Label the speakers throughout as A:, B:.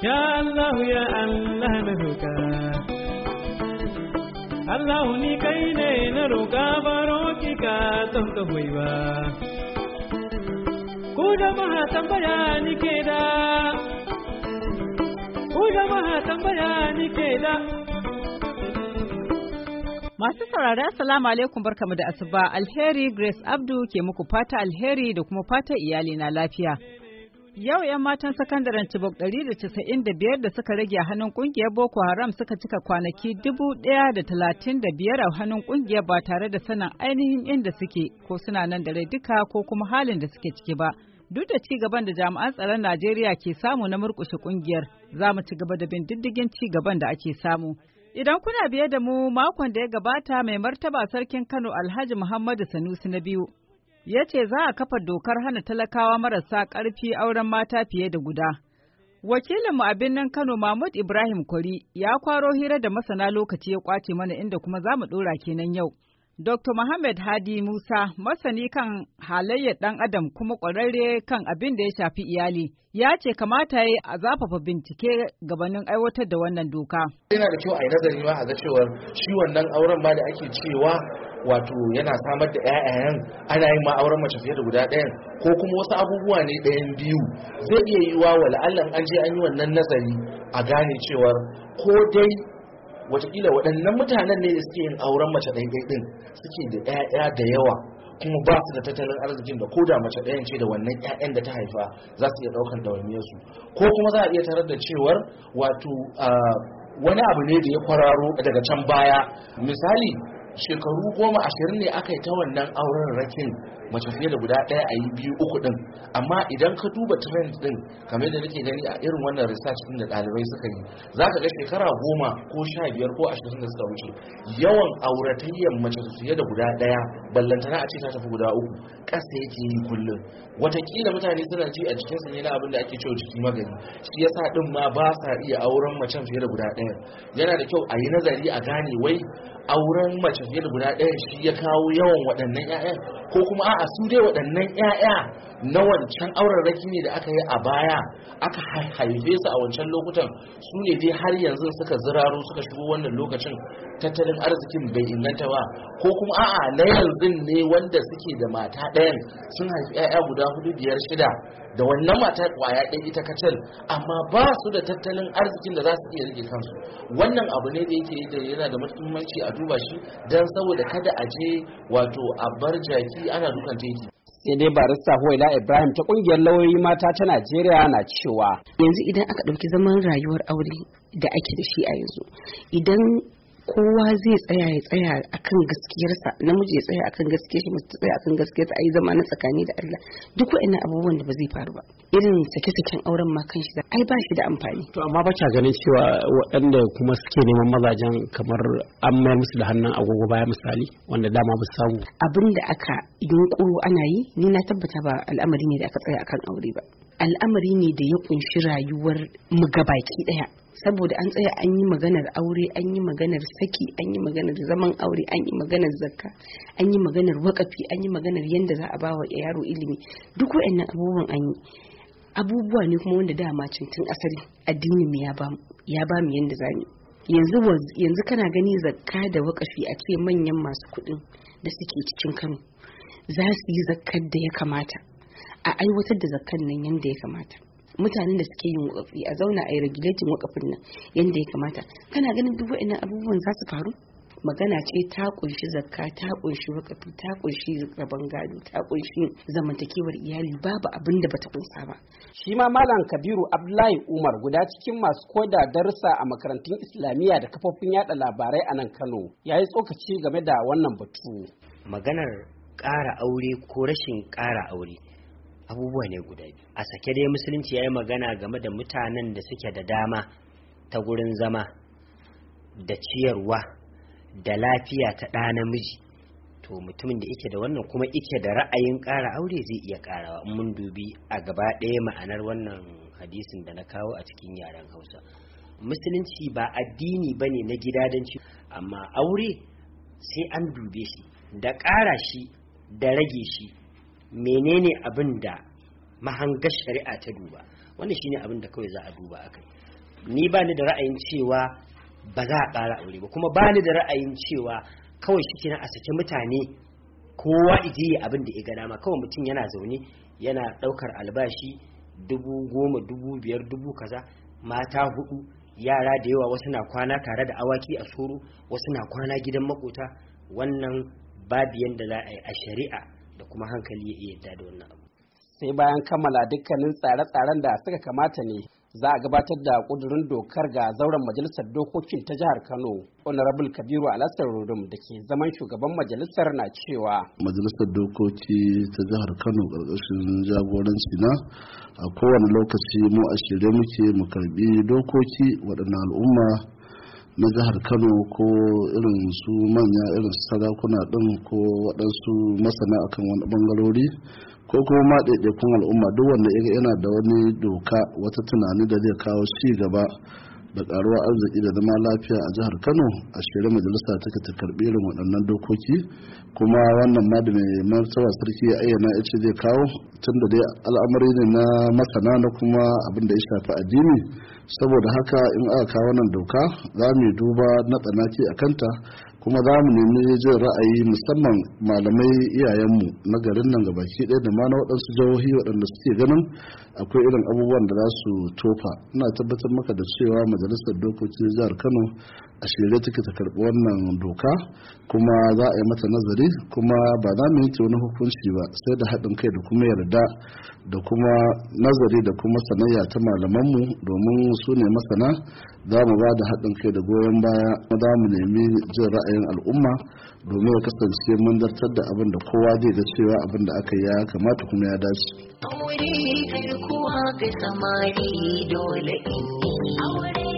A: Ya Allah ya Allah na roƙa. Allah ni kai ne na roƙa baro ki ka ton ka Ku ba. maha tambaya ni ke da.
B: Ku maha tambaya ni ke da. Masu saurara salamu alaikum barkamu da asuba alheri Grace Abdu ke muku fata alheri da kuma fata iyali na lafiya. Yau 'yan matan sakandaren Chibok 195 da suka rage a hannun kungiyar Boko Haram suka cika kwanaki biyar a hannun kungiyar ba tare da sanin ainihin inda suke ko suna nan da rai duka ko kuma halin da suke ciki ba. Duk da ci gaban da jami'an tsaron Najeriya ke samu na murƙushe kungiyar, za mu ci gaba da bin diddigin ci gaban da ake samu. Idan kuna biye da mu makon da ya gabata mai martaba sarkin Kano Alhaji Muhammadu Sanusi na biyu ya ce za a kafa dokar hana talakawa marasa ƙarfi auren mata fiye da guda. Wakilin mu a birnin Kano Mahmud Ibrahim Kwari ya kwaro hira da masana lokaci ya kwace mana inda kuma za mu ɗora kenan yau. Dr. Muhammad Hadi Musa, masani kan halayyar ɗan Adam kuma ƙwararre kan abin da ya shafi iyali, ya ce kamata ya a zafafa bincike
C: gabanin aiwatar da wannan doka. Yana da kyau a yi nazari ma a ga cewar shi wannan auren ma da ake cewa wato yana samar da 'ya'yan ana yin ma auren mace fiye da guda ɗayan ko kuma wasu abubuwa ne ɗayan biyu zai iya yiwa wa la'allan an je an yi wannan nazari a gane cewar ko dai watakila waɗannan mutanen ne da suke yin auren mace ɗaiɗai ɗin suke da 'ya'ya da yawa kuma ba su da tattalin arzikin da ko da mace ɗayan ce da wannan 'ya'yan da ta haifa za su iya ɗaukar dawainiyarsu ko kuma za a iya tarar da cewar wato ah, wani abu ne da ya kwararo daga can baya misali shekaru goma ashirin ne aka yi ta wannan auren rakin mace fiye da guda ɗaya a yi biyu uku ɗin amma idan ka duba trend ɗin kamar da nake gani a irin wannan research ɗin da ɗalibai suka yi za ka ga shekara goma ko sha biyar ko ashirin da suka wuce yawan auratayyar mace fiye da guda ɗaya ballantana a ce ta tafi guda uku ƙasa yake yi kullum watakila mutane suna ji a cikin sanyi na abin da ake cewa jiki magani shi yasa ɗin ma ba sa iya auren macen fiye da guda ɗaya yana da kyau a yi nazari a gane wai auren mace tafiyar guda ɗaya shi ya kawo yawan waɗannan 'ya'ya ko kuma a su dai waɗannan 'ya'ya na wancan aurarraki ne da aka yi a baya aka haife su a wancan lokutan su ne dai har yanzu suka ziraro suka shigo wannan lokacin tattalin arzikin bai inganta ba ko kuma a'a na yanzu ne wanda suke da mata ɗayan sun haifi 'ya'ya guda hudu biyar shida da wannan mata kwaya ɗaya ita kacal amma ba su da tattalin arzikin da za su iya rike kansu wannan abu ne da yake da yana da muhimmanci a duba shi don saboda kada a je wato a bar jaki ana dukan teki sai dai
D: barista huwaila ibrahim ta kungiyar lauyoyi mata ta najeriya na cewa yanzu idan aka ɗauki
E: zaman rayuwar aure da ake da shi a yanzu idan kowa zai tsaya ya tsaya akan gaskiyarsa namiji ya tsaya akan gaskiyar shi mace tsaya akan gaskiyarsa ayi zama na tsakani da Allah duk wa'annan abubuwan da ba zai faru ba irin sake-saken auren ma kan shi da ai ba shi da amfani
D: to amma ba ganin cewa waɗanda kuma suke neman mazajen kamar an mayar musu da hannun agogo baya misali wanda dama ba samu
E: abin da aka yunkuro ana yi ni na tabbata ba al'amari ne da aka tsaya akan aure ba al'amari ne da ya kunshi rayuwar mu gabaki daya saboda an tsaya an yi maganar aure an yi maganar saki an yi maganar zaman aure an yi maganar zakka an yi maganar wakafi an yi maganar yadda za a ba wa yaro ilimi duk wa'annan abubuwan an yi abubuwa ne kuma wanda dama tun asali mu ya ba mu yadda za mu yanzu kana gani zakka da wakafi a ce manyan masu kuɗin da suke cikin kano za su yi zakkar da ya kamata a aiwatar da zakkan nan yadda ya kamata mutanen da suke yin wakafi a zauna a yi regulatin wakafin nan yadda ya kamata kana ganin duk wa'annan abubuwan za su faru magana ce ta kunshi zakka ta kunshi wakafi ta kunshi rabon gado ta kunshi zamantakewar
D: iyali babu abin da bata kunsa ba shi ma malam kabiru abdullahi umar guda cikin masu koda darussa a makarantun islamiyya da kafofin yada labarai a nan kano ya yi tsokaci
F: game da wannan batu maganar ƙara aure ko rashin ƙara aure abubuwa ne guda biyu a sake dai musulunci ya yi magana game da mutanen da suke da dama ta gurin zama da ciyarwa da lafiya ta ɗa namiji to mutumin da yake da wannan kuma yake da ra'ayin ƙara aure zai iya ƙarawa in mun dubi a gaba ɗaya ma'anar wannan hadisin da na kawo a cikin yaren hausa musulunci ba addini ba ne na gidadanci amma aure sai an dube shi da ƙara shi da rage shi menene abin da mahangar shari'a ta duba shi shine abin da kawai za a duba akai ni ba ni da ra'ayin cewa ba za a ƙara aure ba kuma ba ni da ra'ayin cewa kawai shi na a saki mutane kowa iji yi abin da ya ga ma kawai mutum yana zaune yana ɗaukar albashi dubu goma dubu biyar dubu kaza mata hudu yara da yawa wasu na kwana tare da awaki a soro wasu na kwana gidan makota wannan babu yadda za a yi a shari'a da kuma hankali ya iya da wannan abu sai bayan kammala dukkanin tsare-tsaren da suka kamata ne za a gabatar da
D: kudurin dokar ga zauren majalisar dokokin ta jihar kano honorable kabiru alassar rodum da ke zaman shugaban majalisar na cewa
A: majalisar dokoki ta jihar kano ƙarƙashin jagoranci na a kowane lokaci mu a shirye muke mu karbi dokoki waɗannan al'umma na jihar kano ko irin su manya irin su sarakuna ɗin ko waɗansu masana akan wani bangarori ko kuma ma ɗaiɗaikun al'umma duk wanda yana da wani doka wata tunani da zai kawo ci gaba da ƙaruwa arziki da zama lafiya a jihar kano a shirin majalisa take ta karbi irin waɗannan dokoki kuma wannan ma da mai martaba sarki ya ayyana ya ce zai kawo tun da dai al'amari ne na masana na kuma abin da ya shafi addini saboda haka in aka kawo wannan doka za mu duba na tsanaki a kanta kuma za mu nemi jin ra'ayi musamman malamai iyayenmu na garin nan ga baki ɗaya da ma na waɗansu jihohi waɗanda suke ganin akwai irin abubuwan da za su tofa ina tabbatar maka da cewa majalisar dokokin jihar kano a shirye take ta karɓi wannan doka kuma za a yi mata nazari kuma ba za mu yanke wani hukunci ba sai da haɗin kai da kuma yarda da kuma nazari da kuma sanayya ta malamanmu domin su ne masana za mu ba da haɗin kai da goyon baya kuma za mu nemi jin ra'ayin al'umma domin ya kasance mun zartar da abin da kowa zai ga cewa abin da aka ya kamata kuma ya dace.
E: Aure kai kuwa ga samari dole in yi.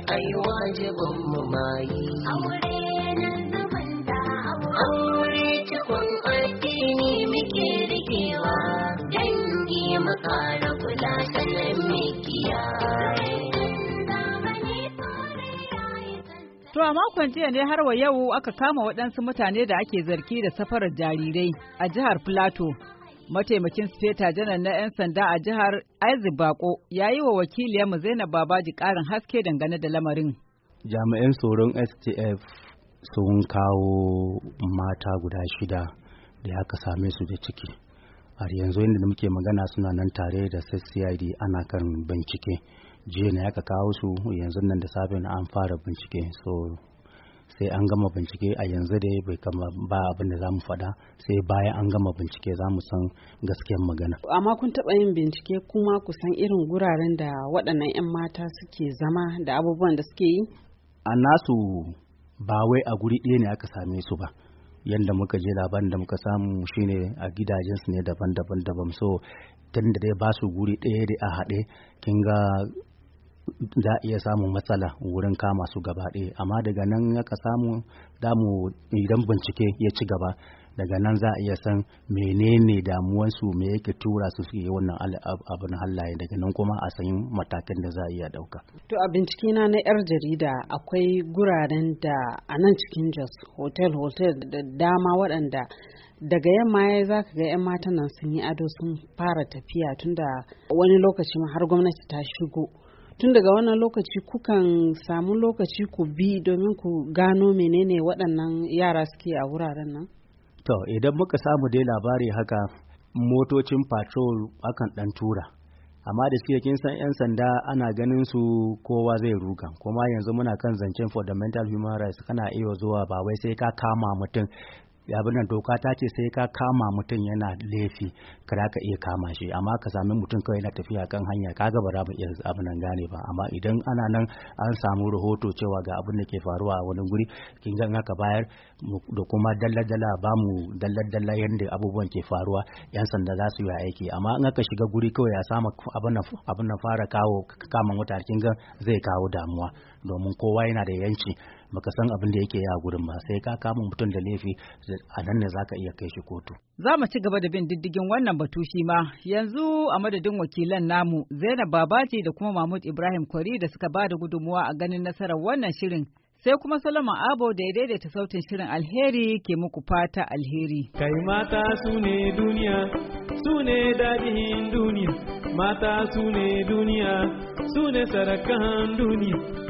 E: ai wajibin mu mayi aure na cikon addini muke rikewa dangi mu kula sanin mikiya
B: To a makon jiya ne har wa yau aka kama waɗansu mutane da ake zargi da safarar jarirai a jihar Filato. mataimakin sufeta janar na 'yan sanda a jihar Isaac Baƙo, ya yi wa wakiliyarmu Zainab Babaji ƙarin haske dangane da lamarin.
D: Jami'an tsoron STF sun kawo mata guda shida da aka same su da ciki. A yanzu inda da muke magana suna nan tare da CID ana kan bincike. Jiya na aka kawo su yanzu nan da safe na an fara bincike. So sai an gama bincike a yanzu dai bai kama ba abin da za mu faɗa sai bayan an gama bincike za mu san gaskiyar magana.
B: Amma kun taɓa yin bincike kuma ku san irin guraren da waɗannan 'yan mata suke zama da abubuwan da suke yi?
D: A nasu ba wai a guri ɗaya ne aka same su ba. yadda muka je labarin da muka samu shine a gidajensu ne daban-daban daban so tun da dai ba su guri ɗaya da a haɗe kin ga za iya samun matsala wurin kama su gaba ɗaya amma daga nan ka samu damu idan bincike ya ci gaba daga nan za a iya san menene damuwansu me yake tura su suke wannan abin halaye daga nan kuma a san matakin da za a iya dauka.
B: To a bincike na na yar jarida akwai guraren da a nan cikin Jos hotel hotel da dama waɗanda daga yamma ya za ka ga 'yan matan nan sun yi ado sun fara tafiya tunda wani lokaci har gwamnati ta shigo tun daga wannan lokaci kukan samu lokaci ku bi domin ku gano menene waɗannan yara suke a wuraren nan?
D: To idan muka samu dai labari haka motocin patrol akan ɗan tura. Amma da suke kin san 'yan sanda ana ganin su kowa zai ruga kuma yanzu muna kan zancen fundamental human rights kana iya zuwa ba wai sai ka kama mutum ya abin nan doka ta ce sai ka kama mutum yana laifi kada ka iya kama shi amma ka sami mutum kawai na tafiya kan hanya ka ba za mu iya abin nan gane ba amma idan ana nan an samu rahoto cewa ga abin da ke faruwa a wani guri kin ga haka bayar da kuma dalla-dalla ba mu dalla-dalla yadda abubuwan ke faruwa yan sanda za su yi aiki amma in aka shiga guri kawai ya samu abin nan fara kawo kama mutane kin ga zai kawo damuwa domin kowa yana da yanci baka san abin da yake ya gurin ba sai ka kama mutum da laifi a nan ne zaka iya kai shi kotu
B: za mu ci gaba da bin diddigin wannan batu shi ma yanzu a madadin wakilan namu Zainab Babaji da kuma Mahmud Ibrahim Kwari da suka bada gudunmuwa a ganin nasarar wannan shirin sai kuma Solomon Abo da ya daidaita sautin shirin alheri ke muku fata alheri.
A: Kai mata su ne duniya, su ne daɗin duniya, mata su ne duniya, su ne sarakan duniya.